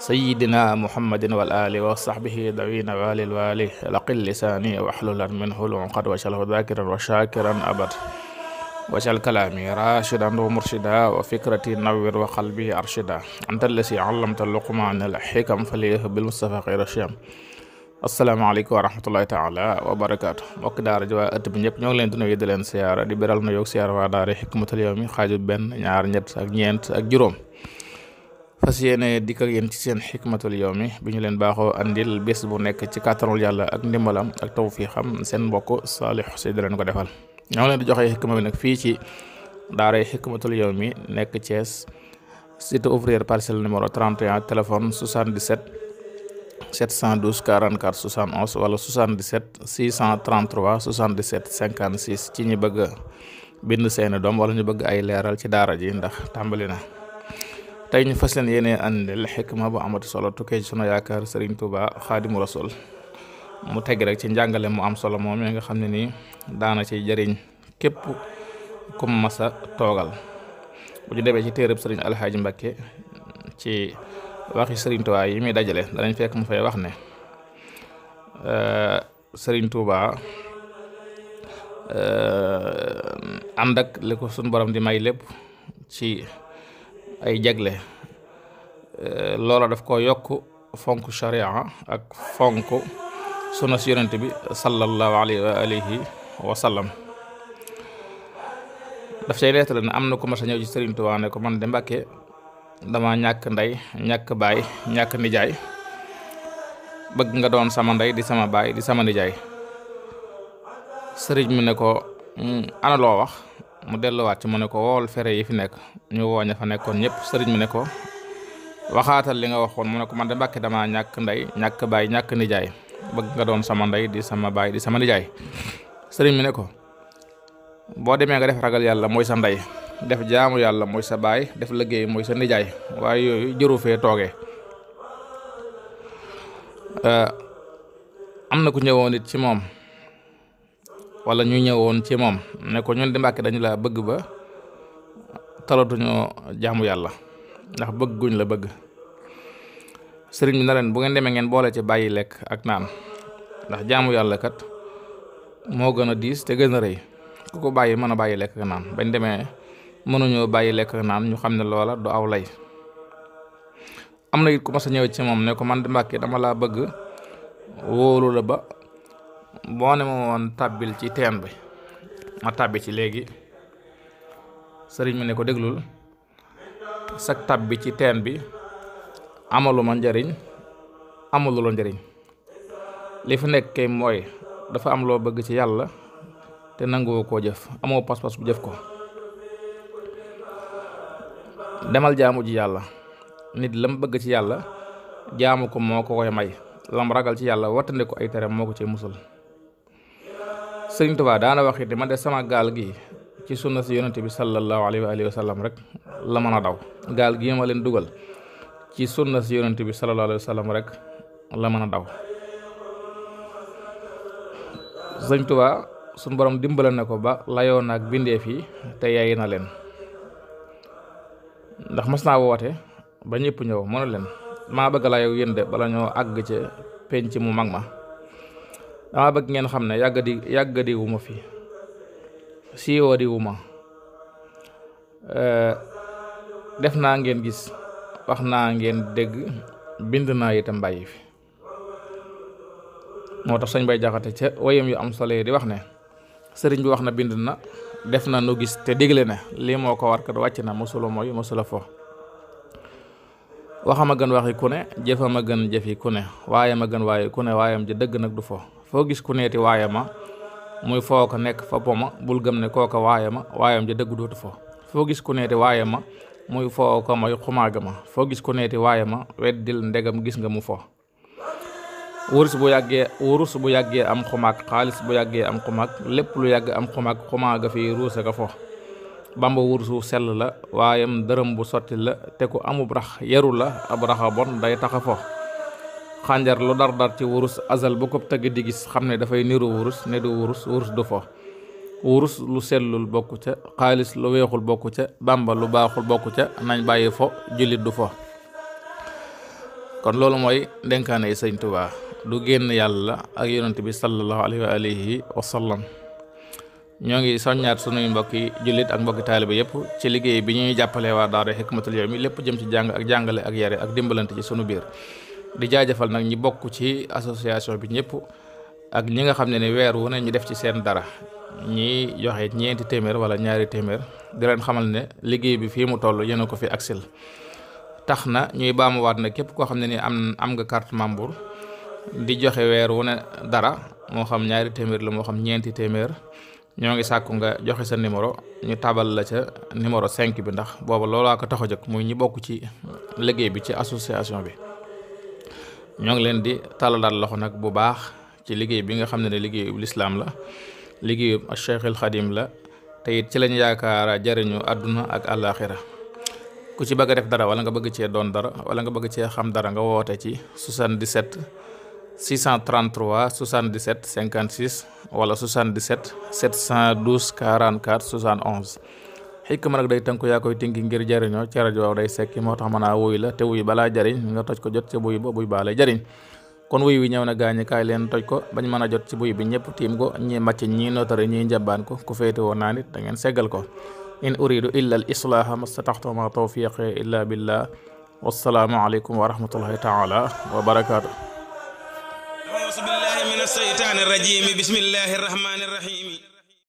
sayyidina muhammadin wal ali wa sahbihi dawina walil wali laqil lisani wahlulan minhu lunqad waj'alhu dhakiran wa shakiran abad waj'al kalami rashidan wa murshida wa fikrati nawwir wa qalbi arshida anta allasi 'allamta luqmana al hikam falih bil mustafa khayra shiyam asalaamaaleykum wa rahmatullahi taala wa barakaatu mbokk daara ji waa ëtt bi ñëpp ñoo ngi leen di nuyu di leen siyaara di beral na yoog siyaara waa daara Hikmatul Yawmi xaaju benn ñaar ñett ak ñeent ak juróom fas yéene dikk ak yéen ci seen xikmatul yawmi bi ñu leen baaxoo indil bés bu nekk ci kàttanul yàlla ak ndimbalam ak tawfiixam seen mbokk Saalix si da leen ko defal ñoo leen di joxe xikma bi nag fii ci daaray xikmatul yawmi nekk Thiès site ouvrier parcelle numéro 31 téléphone 77 712 44 71 wala 77 633 77 56 ci ñi bëgg bind seeni doom wala ñu bëgg ay leeral ci daara ji ndax tàmbali na. tey ñu fas leen yéene andil xikma bu amati solo tukkee ci sunu yaakaar sëriñ Serigne Touba xaadimu sol mu teg rek ci njàngale mu am solo moom mi nga xam ne nii daana ci jariñ képp ku masa toogal bu ñu demee ci téereb Serigne Alxaaji Mbakke ci waxi Serigne Touba yi muy dajale danañ fekk mu fay wax ne euh, Serigne Touba euh, ànd ak li borom di may lépp ci. ay jagle eh, loola def ko yokk fonk sharia ak fonk sunna si yonent bi sallallahu alayhi wa alihi wa sallam daf cay ne am na ku mas a ñëw ci Sëriñ Tuubaa ne ko man de Mbàkke dama ñàkk ndey ñàkk baay ñàkk nijaay bëgg nga doon sama ndey di sama baay di sama nijaay sëriñ mu ne ko hmm, ana wax mu delluwaat ci mu ne ko wool fere yi fi nekk ñu woo ña fa nekkoon ñëpp sëriñ mi ne ko waxaatal li nga waxoon mu ne ko man de mbàkke damaa ñàkk ndey ñàkk baay ñàkk nijaay bëgg nga doon sama ndey di sama baay di sama nijaay sëriñ mi ne ko boo demee nga def ragal yàlla mooy sa ndey def jaamu yàlla mooy sa baay def liggéey mooy sa nijaay waaye yooyu jëru fee tooge euh, am na ku ñëwoon it ci moom wala ñu ñëwoon ci moom ne ko ñun di Mbàkke dañu laa bëgg ba talatuñoo jaamu yàlla ndax bëgg guñ la bëgg sëriñ bi na leen bu ngeen demee ngeen boole ci bàyyi lekk ak naan ndax jaamu yàlla kat moo gën a diis te gën a rëy ku ko bàyyi mën a bàyyi lekk ak naan bañ demee mënuñoo bàyyi lekk ak naan ñu xam ne loola du aw lay am na it ku mas a ñëw ci moom ne ko man di Mbàkke dama laa bëgg wóolu la ba boo ne ma woon tàbbil ci teen bi ma tàbbi ci léegi sëriñ ma ne ko déglul sag tàbbi ci teen bi amaluma njariñ amalu la njariñ li fi nekk kay mooy dafa am loo bëgg ci yàlla te nanguwoo koo jëf amoo pas-pas bu jëf ko demal jaamu ji yàlla nit lam bëgg ci yàlla jaamu ko moo ko koy may lam ragal ci yàlla wattandi ko ay tere moo ko ci musul sëriñ Tuubaa daana wax it ma de sama gaal gi ci sunna si yonent bi sallallahu alayhi wa sallam rek la mën a daw gaal gi ma leen dugal ci sunna si yonent bi sallallahu alayhi wa rek la mën a daw sëriñ Tuubaa suñ borom dimbale na ko ba layoon ak bindeef yi te yaay na leen ndax mas naa woote ba ñëpp ñëw mënu leen maa bëgg laa yow yéen de bala ñoo àgg ca penc mu mag ma dama bëgg ngeen xam ne yàggadi yàggadi wu ma fi siiwadi e ma euh, def naa ngeen gis wax naa ngeen dégg bind naa itam bàyyi fi moo tax sëñ bay jaxate ca wayam yu am solo yi di wax ne sëriñ bi wax na bind na def na nu gis te digle ne lii moo ko war kat wàcc na mosula mooy mosula fo waxam a gën waxi ku ne jëfam a gën jëfi ku ne waaye a gën waaye ku ne waayam ji dëgg nag du fo foo gis ku neeti waaye ma muy foo ko nekk fa poma bul gëm ne kooka waaye ma waayam ja dëgg dootu fo foo gis ku neeti waaye ma muy foo ko mooy xumaaga ma foo gis ku neeti waaye ma weddil ndegam gis nga mu fo wurus bu yàggee wurus bu yàggee am xumaag xaalis bu yàggee am xumaag lépp lu yàgg am xumaag xumaaga fi ruusa ka fo bamba wursu sell la waayem dërëm bu sotti la te ku amub rax yaru la ab raxa bon day taxa fo xànjar lu dar dar ci wurus azal bu ko tëgg di gis xam ne dafay niru wurus ne du wurus wurus du fo wurus lu sellul bokk ca xaalis lu weexul bokku ca bàmba lu baaxul bokku ca nañ bàyyi fo jullit du fo kon loolu mooy dénkaane yi sëñ Tuubaa du génn yàlla ak yonent bi sallallahu alayhi wa alihi wa sallam ñoo ngi soññaat sunuy mbokki jullit ak mbokki taaliba yëpp ci liggéey bi ñuy jàppale waa daara Hikmatul Yawmi lépp jëm ci jàng ak jàngale ak yare ak dimbalante ci sunu biir di jaajëfal nag ñi bokk ci association bi ñëpp ak ñi nga xam ne ne weer wu ne ñu def ci seen dara ñi joxe ñeenti téeméer wala ñaari téeméer di leen xamal ne liggéey bi fii mu toll yéen ko fi aksil tax na ñuy baamuwaat na képp koo xam ne ni am am nga carte membre di joxe weer wu ne dara moo xam ñaari téeméer la moo xam ñeenti téeméer ñoo ngi sàkku nga joxe sa numéro ñu tabal la ca numéro 5 bi ndax booba loolaa ko tax a jóg muy ñi bokk ci liggéey bi ci association bi. ñoo ngi leen di tàllalaat loxo nag bu baax ci liggéey bi nga xam ne ne liggéeyub lislaam la liggéeyub Cheikhul Xadim la te it ci lañ yaakaara jariñu àdduna ak àllaaxira ku ci bëgg a def dara wala nga bëgg cee doon dara wala nga bëgg cee xam dara nga woote ci 77 633 77 56 wala 77 712 44 71 xikma nag day tënku yaa koy tinki ngir jariñoo ci rajo waaw day sekki moo tax mën a wuy la te wuy balaa jariñ nga toj ko jot ci buy ba buy baa lay jariñ kon wuy wi ñëw na gaañi kaay leen toj ko bañ mën jot ci buy bi ñëpp tiim ko ñi màcc ñi notari ñi njabaan ko ku féete woon naa nit da ngeen seggal ko in uridu illa al islaaha mastataxtu ma tawfiqi illa billah wassalaamu aleykum wa rahmatullahi taala wa barakaatu auzu billahi min alseytaani arrajim bismillahi arrahmani